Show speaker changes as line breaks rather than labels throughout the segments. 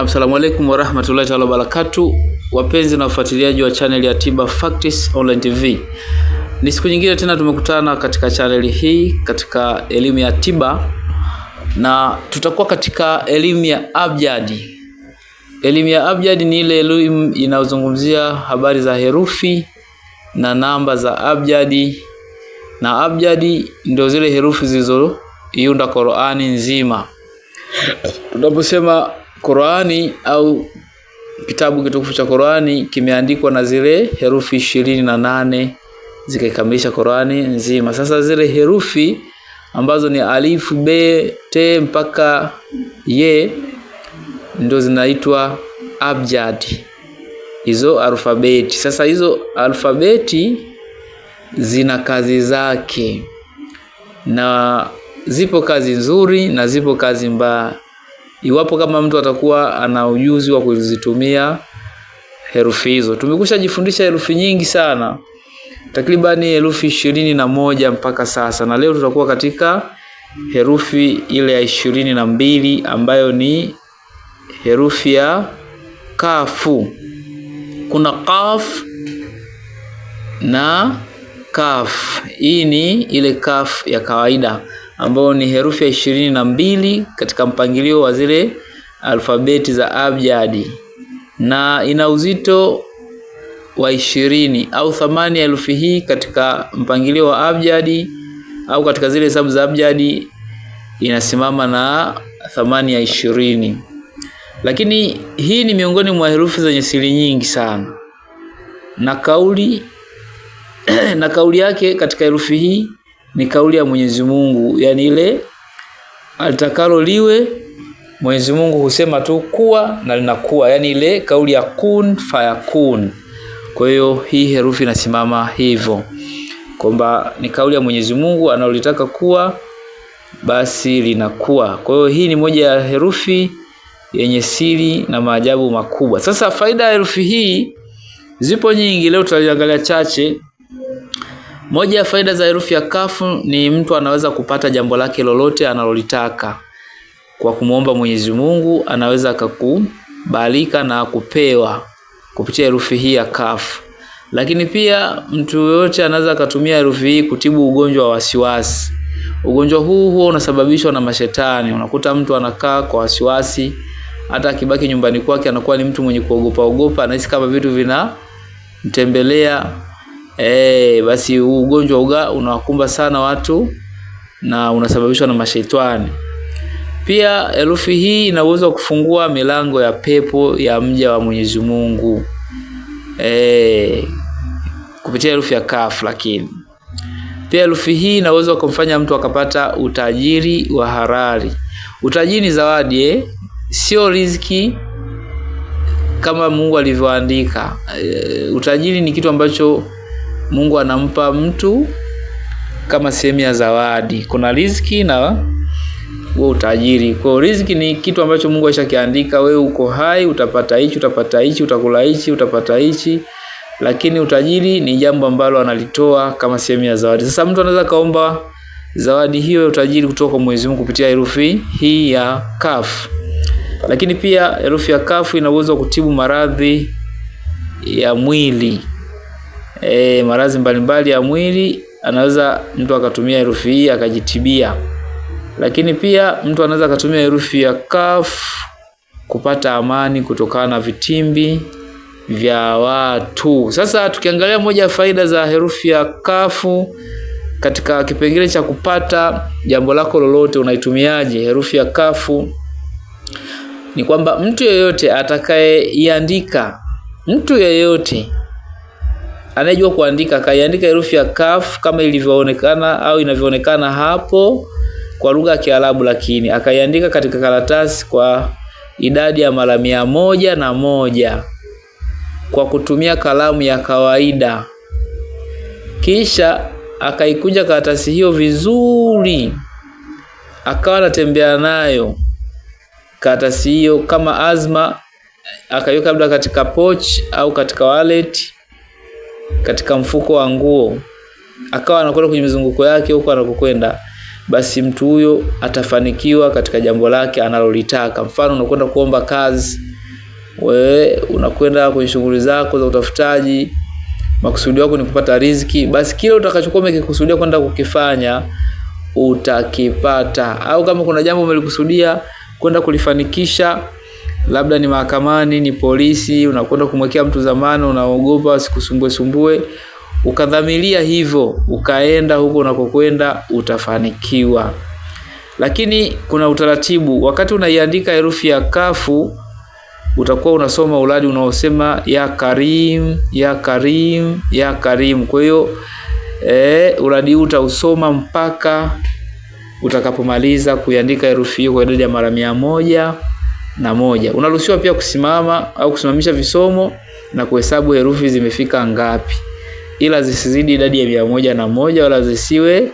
Na asalamu alaikum warahmatullahi taala wabarakatu, wapenzi na wafuatiliaji wa chaneli ya Tiba Facts Online TV, ni siku nyingine tena tumekutana katika chaneli hii katika elimu ya tiba, na tutakuwa katika elimu ya abjadi. Elimu ya abjadi ni ile elimu inayozungumzia habari za herufi na namba za abjadi, na abjadi ndio zile herufi zilizoiunda Qur'ani nzima. Tunaposema Qurani au kitabu kitukufu cha Qurani kimeandikwa na zile herufi ishirini na nane zikaikamilisha Qurani nzima. Sasa zile herufi ambazo ni alifu, be, te mpaka ye ndio zinaitwa abjad, hizo alfabeti. Sasa hizo alfabeti zina kazi zake, na zipo kazi nzuri na zipo kazi mbaya iwapo kama mtu atakuwa ana ujuzi wa kuzitumia herufi hizo. Tumekusha jifundisha herufi nyingi sana, takribani herufi ishirini na moja mpaka sasa, na leo tutakuwa katika herufi ile ya ishirini na mbili ambayo ni herufi ya kafu. Kuna kaf na kaf, hii ni ile kaf ya kawaida ambayo ni herufi ya ishirini na mbili katika mpangilio wa zile alfabeti za abjadi na ina uzito wa ishirini au thamani ya herufi hii katika mpangilio wa abjadi au katika zile hesabu za abjadi inasimama na thamani ya ishirini. Lakini hii ni miongoni mwa herufi zenye siri nyingi sana, na kauli na kauli yake katika herufi hii ni kauli ya Mwenyezi Mungu, yani ile alitakalo liwe Mwenyezi Mungu husema tu kuwa na linakuwa, yani ile kauli ya kun fayakun. Kwa hiyo hii herufi inasimama hivyo kwamba ni kauli ya Mwenyezi Mungu, analotaka kuwa basi linakuwa. Kwa hiyo hii ni moja ya herufi yenye siri na maajabu makubwa. Sasa faida ya herufi hii zipo nyingi, leo tutaliangalia chache moja ya faida za herufi ya kafu ni mtu anaweza kupata jambo lake lolote analolitaka kwa kumwomba Mwenyezi Mungu anaweza akakubalika na kupewa kupitia herufi hii ya kafu. Lakini pia mtu yoyote anaweza akatumia herufi hii kutibu ugonjwa wa wasiwasi. Ugonjwa huu huwa unasababishwa na mashetani. Unakuta mtu anakaa kwa wasiwasi, hata akibaki nyumbani kwake anakuwa ni mtu mwenye kuogopa ogopa, anahisi kama vitu vinamtembelea eh, basi ugonjwa uga unawakumba sana watu na unasababishwa na mashaitani. Pia herufi hii ina uwezo wa kufungua milango ya pepo ya mja wa Mwenyezi Mungu eh, kupitia herufi ya kaf. Lakini pia herufi hii ina uwezo wa kumfanya mtu akapata utajiri wa harari. Utajiri ni zawadi eh? Sio riziki kama Mungu alivyoandika. E, utajiri ni kitu ambacho Mungu anampa mtu kama sehemu ya zawadi. Kuna riziki na huo utajiri. Kwa riziki ni kitu ambacho Mungu ashakiandika wewe uko hai, utapata hichi, utapata hichi, utakula hichi, utapata hichi. Lakini utajiri ni jambo ambalo analitoa kama sehemu ya zawadi. Sasa mtu anaweza kaomba zawadi hiyo ya utajiri kutoka kwa Mwenyezi Mungu kupitia herufi hii ya kaf. Lakini pia herufi ya kafu ina uwezo wa kutibu maradhi ya mwili e, maradhi mbalimbali ya mwili, anaweza mtu akatumia herufi hii akajitibia. Lakini pia mtu anaweza akatumia herufi ya kaf kupata amani kutokana na vitimbi vya watu. Sasa tukiangalia moja ya faida za herufi ya kafu katika kipengele cha kupata jambo lako lolote, unaitumiaje herufi ya kafu? Ni kwamba mtu yeyote atakayeiandika, mtu yeyote anayejua kuandika kaiandika herufi ya kaf kama ilivyoonekana au inavyoonekana hapo kwa lugha ya Kiarabu, lakini akaiandika katika karatasi kwa idadi ya mara mia moja na moja kwa kutumia kalamu ya kawaida, kisha akaikunja karatasi hiyo vizuri, akawa anatembea nayo karatasi hiyo kama azma, akaiweka labda katika poch au katika wallet katika mfuko wa nguo akawa anakwenda kwenye mizunguko yake huko anakokwenda, basi mtu huyo atafanikiwa katika jambo lake analolitaka. Mfano, unakwenda kuomba kazi, we unakwenda kwenye shughuli zako za utafutaji, makusudi yako ni kupata riziki, basi kile utakachokuwa umekikusudia kwenda kukifanya utakipata. Au kama kuna jambo umelikusudia kwenda kulifanikisha labda ni mahakamani, ni polisi, unakwenda kumwekea mtu zamani unaogopa asikusumbue sumbue, ukadhamilia hivyo, ukaenda huko unakokwenda, utafanikiwa. Lakini kuna utaratibu, wakati unaiandika herufi ya kafu utakuwa unasoma uradi unaosema ya Karim, ya Karim, ya Karim. Kwa hiyo eh, uradi huu utausoma mpaka utakapomaliza kuiandika herufi hiyo kwa idadi ya mara mia moja na moja. Unaruhusiwa pia kusimama au kusimamisha visomo na kuhesabu herufi zimefika ngapi, ila zisizidi idadi ya mia moja na moja wala zisiwe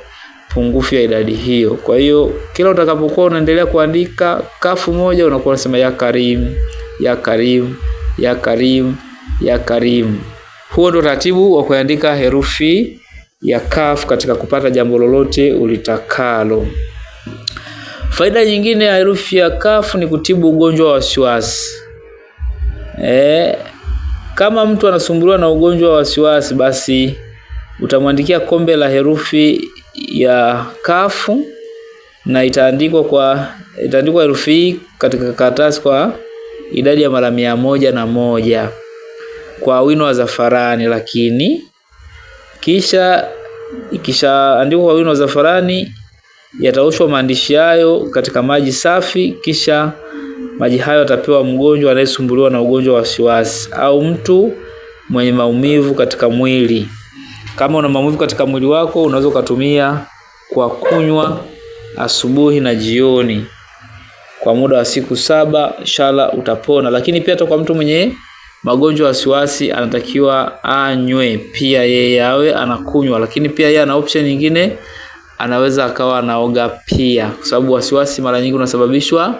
pungufu ya idadi hiyo. Kwa hiyo kila utakapokuwa unaendelea kuandika kafu moja, unakuwa unasema ya Karim, ya Karim, ya Karim, ya Karim. Huo ndio utaratibu wa kuandika herufi ya kaf katika kupata jambo lolote ulitakalo. Faida nyingine ya herufi ya kafu ni kutibu ugonjwa wa wasiwasi. E, kama mtu anasumbuliwa na ugonjwa wa wasiwasi basi utamwandikia kombe la herufi ya kafu na itaandikwa kwa itaandikwa herufi hii katika karatasi kwa idadi ya mara mia moja na moja kwa wino wa zafarani, lakini kisha ikishaandikwa kwa wino wa zafarani Yataoshwa maandishi hayo katika maji safi, kisha maji hayo atapewa mgonjwa anayesumbuliwa na ugonjwa wa wasiwasi au mtu mwenye maumivu katika mwili. Kama una maumivu katika mwili wako, unaweza ukatumia kwa kunywa asubuhi na jioni kwa muda wa siku saba, shala utapona. Lakini pia hata kwa mtu mwenye magonjwa ya wasiwasi anatakiwa anywe pia, yeye awe anakunywa, lakini pia yeye ana option nyingine anaweza akawa anaoga pia, kwa sababu wasiwasi mara nyingi unasababishwa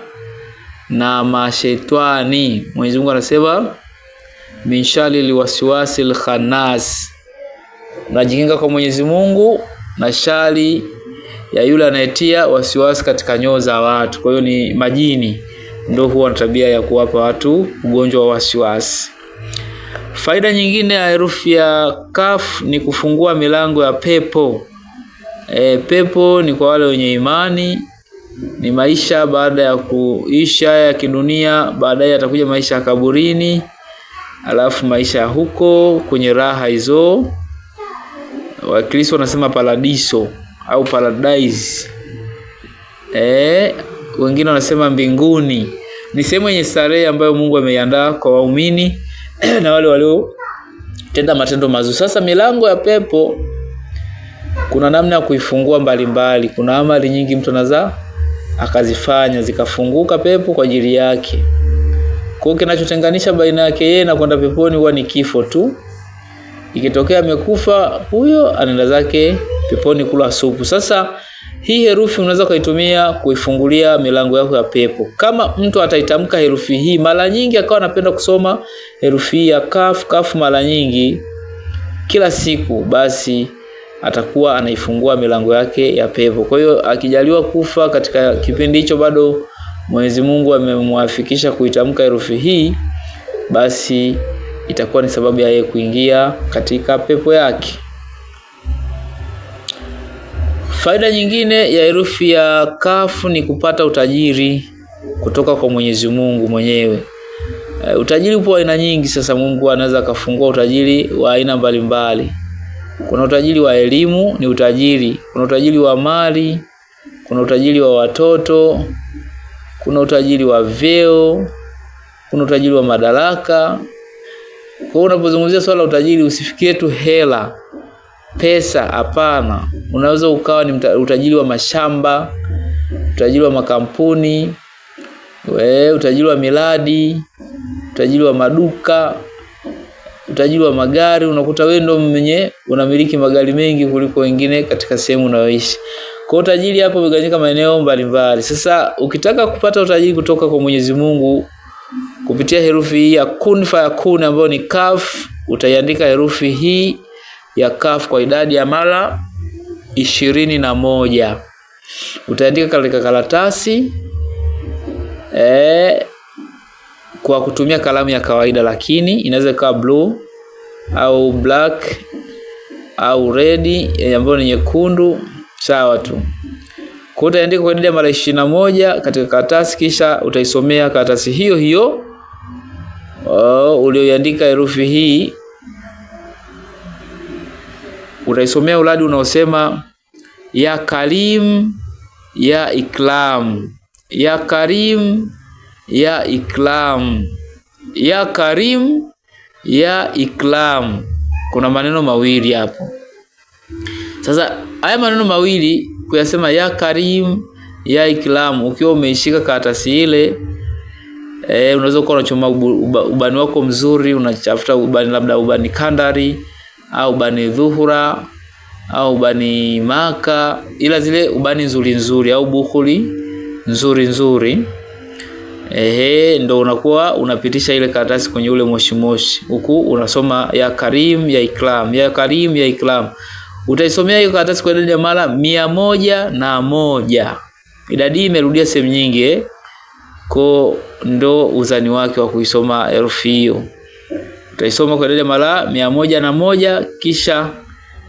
na mashetani. Mwenyezi Mungu anasema min sharril wasiwasil khannas, kwa Mwenyezi Mungu na shari ya yule anayetia wasiwasi katika nyoo za watu. Kwa hiyo ni majini ndio huwa na tabia ya kuwapa watu ugonjwa wa wasiwasi. Faida nyingine ya herufi ya kaf ni kufungua milango ya pepo. E, pepo ni kwa wale wenye imani, ni maisha baada ya kuisha ya kidunia, baadaye yatakuja maisha ya kaburini, alafu maisha ya huko kwenye raha hizo. Wakristo wanasema paradiso au paradise. E, wengine wanasema mbinguni. Ni sehemu yenye starehe ambayo Mungu ameiandaa kwa waumini na wale waliotenda matendo mazuri. Sasa milango ya pepo kuna namna ya kuifungua mbalimbali. Kuna amali nyingi mtu anaza akazifanya zikafunguka pepo kwa ajili yake. Kwa hiyo kinachotenganisha baina yake yeye na kwenda peponi huwa ni kifo tu. Ikitokea amekufa huyo, anaenda zake peponi kula supu. Sasa hii herufi unaweza kuitumia kuifungulia milango yako ya pepo. Kama mtu ataitamka herufi hii mara nyingi, akawa anapenda kusoma herufi ya kaf kaf mara nyingi kila siku, basi atakuwa anaifungua milango yake ya pepo. Kwa hiyo akijaliwa kufa katika kipindi hicho, bado Mwenyezi Mungu amemwafikisha kuitamka herufi hii, basi itakuwa ni sababu ya yeye kuingia katika pepo yake. Faida nyingine ya herufi ya kafu ni kupata utajiri kutoka kwa Mwenyezi Mungu mwenyewe. Uh, utajiri upo aina nyingi. Sasa Mungu anaweza akafungua utajiri wa aina mbalimbali. Kuna utajiri wa elimu ni utajiri, kuna utajiri wa mali, kuna utajiri wa watoto, kuna utajiri wa vyeo, kuna utajiri wa madaraka. Kwa hiyo unapozungumzia swala la utajiri usifikie tu hela, pesa, hapana. Unaweza ukawa ni utajiri wa mashamba, utajiri wa makampuni, we, utajiri wa miradi, utajiri wa maduka utajiri wa magari, unakuta wewe ndio mwenye unamiliki magari mengi kuliko wengine katika sehemu unayoishi. Kwa utajiri hapo umegawanyika maeneo mbalimbali. Sasa ukitaka kupata utajiri kutoka kwa Mwenyezi Mungu kupitia herufi hii ya kun fayakun ambayo ni kaf, utaiandika herufi hii ya kaf kwa idadi ya mara ishirini na moja. Utaandika katika karatasi eh kwa kutumia kalamu ya kawaida, lakini inaweza ikawa blue au black au red eh, ambayo ni nyekundu, sawa tu. Kwa utaandika kwa idadi ya mara ishirini na moja katika karatasi, kisha utaisomea karatasi hiyo hiyo oh, ulioiandika herufi hii, utaisomea uradi unaosema ya Karim ya Ikram ya Karim ya ikram, ya karim, ya ikram. Kuna maneno mawili hapo. Sasa haya maneno mawili kuyasema ya karim, ya ikram, ukiwa umeishika karatasi ile e, unaweza kuwa unachoma ubani wako mzuri, unachafuta ubani labda ubani kandari au ubani dhuhura au ubani maka, ila zile ubani nzuri nzuri au bukhuli nzuri nzuri ehe, ndo unakuwa unapitisha ile karatasi kwenye ule moshimoshi huku Unasoma ya Karim ya Ikram ya Karim ya Ikram. Utaisomea hiyo karatasi kwa idadi ya mara mia moja na moja. Idadi hii imerudia sehemu nyingi eh? Ko ndo uzani wake wa kuisoma herufi hiyo. Utaisoma kwa idadi ya mara mia moja na moja kisha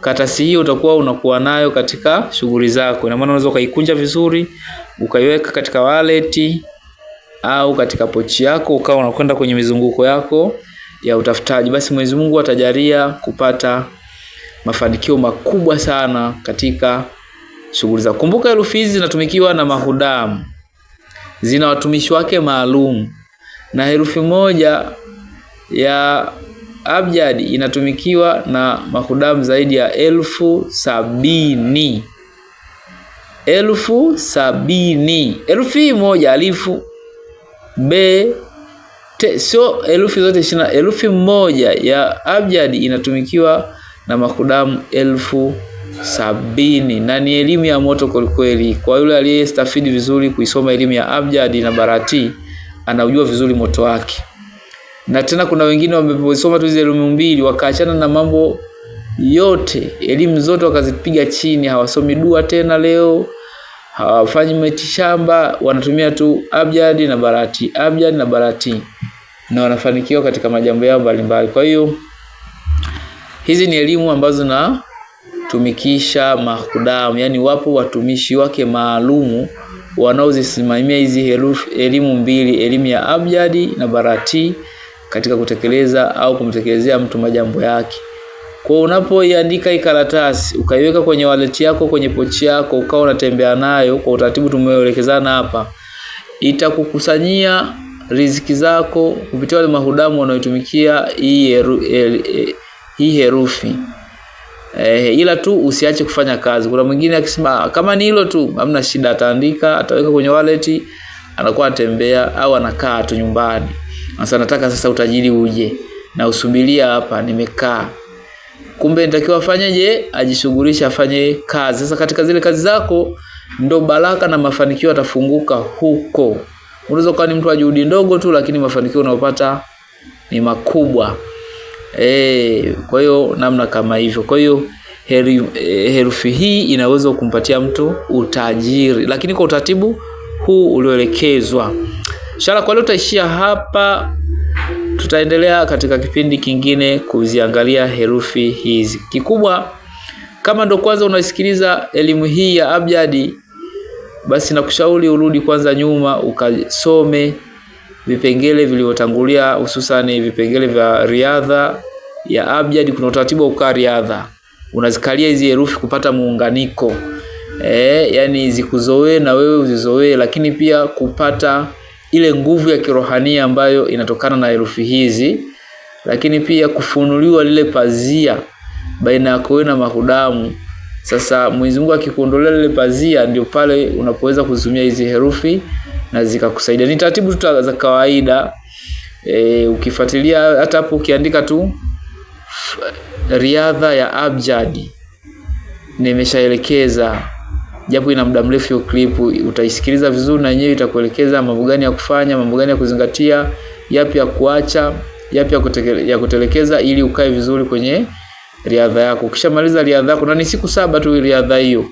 karatasi hiyo utakuwa unakuwa nayo katika shughuli zako. Ina maana unaweza ukaikunja vizuri ukaiweka katika wallet au katika pochi yako ukawa unakwenda kwenye mizunguko yako ya utafutaji, basi Mwenyezi Mungu atajalia kupata mafanikio makubwa sana katika shughuli zako. Kumbuka herufi hizi zinatumikiwa na mahudamu, zina watumishi wake maalum, na herufi moja ya abjadi inatumikiwa na mahudamu zaidi ya elfu sabini elfu sabini. hii moja alifu B te, sio herufi zote ishirini. Herufi moja ya abjad inatumikiwa na makudamu elfu sabini na ni elimu ya moto kwelikweli. Kwa yule aliyestafidi vizuri kuisoma elimu ya abjad na barati, anaujua vizuri moto wake. Na tena kuna wengine wamesoma tu hizo elimu mbili wakaachana na mambo yote, elimu zote wakazipiga chini, hawasomi dua tena leo hawafanyi ah, miti shamba, wanatumia tu abjadi na barati, abjadi na barati, na wanafanikiwa katika majambo yao mbalimbali. Kwa hiyo hizi ni elimu ambazo na tumikisha mahudamu, yaani wapo watumishi wake maalumu wanaozisimamia hizi elimu mbili, elimu ya abjadi na barati katika kutekeleza au kumtekelezea mtu majambo yake. Kwa unapoiandika hii karatasi ukaiweka kwenye wallet yako kwenye pochi yako ukawa unatembea nayo kwa utaratibu tumeelekezana hapa, itakukusanyia riziki zako kupitia wale mahudamu wanaoitumikia hii heru, hii herufi eh, ila tu usiache kufanya kazi. Kuna mwingine akisema ah, kama ni hilo tu, hamna shida, ataandika ataweka kwenye wallet, anakuwa anatembea au anakaa tu nyumbani. Sasa nataka sasa utajiri uje na usubiria hapa, nimekaa kumbe nitakiwa afanyeje? Ajishughulishe, afanye kazi. Sasa katika zile kazi zako ndo baraka na mafanikio yatafunguka huko. Unaweza kuwa ni mtu wa juhudi ndogo tu, lakini mafanikio unayopata ni makubwa. E, kwa hiyo namna kama hivyo. Kwa hiyo heri, eh, herufi hii inaweza kumpatia mtu utajiri, lakini kwa utaratibu huu ulioelekezwa. shara kwa leo utaishia hapa. Tutaendelea katika kipindi kingine kuziangalia herufi hizi. Kikubwa, kama ndo kwanza unasikiliza elimu hii ya abjadi, basi nakushauri urudi kwanza nyuma ukasome vipengele vilivyotangulia, hususani vipengele vya riadha ya abjadi. Kuna utaratibu wa kukaa riadha, unazikalia hizi herufi kupata muunganiko e, yani zikuzoee na wewe uzizoee, lakini pia kupata ile nguvu ya kirohania ambayo inatokana na herufi hizi, lakini pia kufunuliwa lile pazia baina yako wewe na mahudamu. Sasa Mwenyezi Mungu akikuondolea lile pazia, ndio pale unapoweza kuzitumia hizi herufi na zikakusaidia. Ni taratibu tu za kawaida e, ukifuatilia hata hapo ukiandika tu riadha ya abjadi nimeshaelekeza japo ina muda mrefu hiyo clip, utaisikiliza vizuri na yenyewe itakuelekeza mambo gani ya kufanya, mambo gani ya kuzingatia, yapi ya kuacha, yapi ya, ya kutelekeza ili ukae vizuri kwenye riadha yako. Ukishamaliza riadha yako na ni siku saba tu riadha hiyo.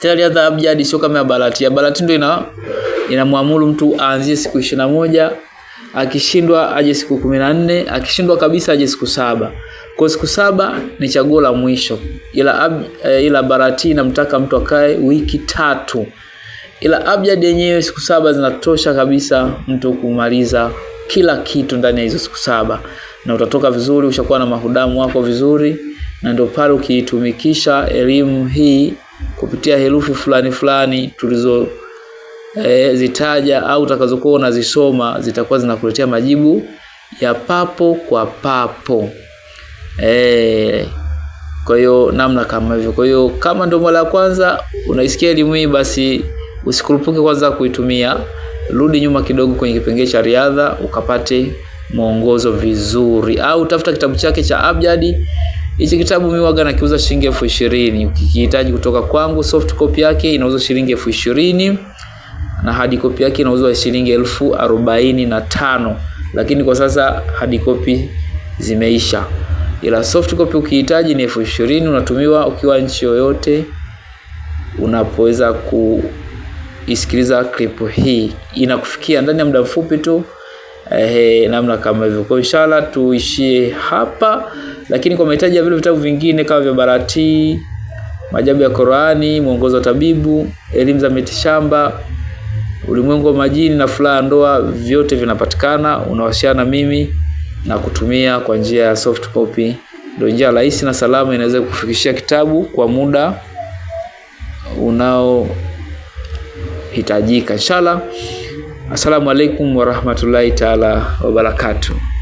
Tena riadha ya abjadi sio kama ya balati. Ya balati ndio ina inamwamuru mtu aanzie siku ishirini na moja akishindwa aje siku kumi na nne akishindwa kabisa aje siku saba kwa siku saba ni chaguo la mwisho ila, ab, eh, ila barati inamtaka mtu akae wiki tatu ila abjad yenyewe siku saba zinatosha kabisa mtu kumaliza kila kitu ndani ya hizo siku saba na utatoka vizuri ushakuwa na mahudamu wako vizuri na ndio pale ukiitumikisha elimu hii kupitia herufi fulani fulani tulizo e, zitaja au utakazokuwa unazisoma zitakuwa zinakuletea majibu ya papo kwa papo e. Kwa hiyo namna kama hivyo. Kwa hiyo kama ndio mara ya kwanza unaisikia elimu hii, basi usikurupuke kwanza kuitumia, rudi nyuma kidogo kwenye kipengele cha riadha ukapate mwongozo vizuri, au tafuta kitabu chake cha Abjadi. Hichi kitabu mimi waga nakiuza shilingi elfu ishirini. Ukikihitaji kutoka kwangu, soft copy yake inauza shilingi elfu ishirini na hadi kopi yake inauzwa shilingi elfu arobaini na tano lakini kwa sasa hard copy zimeisha, ila soft copy ukihitaji ni elfu ishirini unatumiwa ukiwa nchi yoyote unapoweza kuisikiliza clip hii, inakufikia ndani ya muda mfupi tu. Eh, namna kama hivyo. Kwa inshallah tuishie hapa, lakini kwa mahitaji ya vile vitabu vingine kama vya Barati, Maajabu ya Qurani, Mwongozo wa Tabibu, Elimu za Mitishamba ulimwengu wa majini na furaha ya ndoa, vyote vinapatikana. Unawasiliana mimi na kutumia kwa njia ya soft copy, ndio njia rahisi na salama inaweza kukufikishia kitabu kwa muda unaohitajika. Inshallah, assalamu alaikum warahmatullahi taala wabarakatuh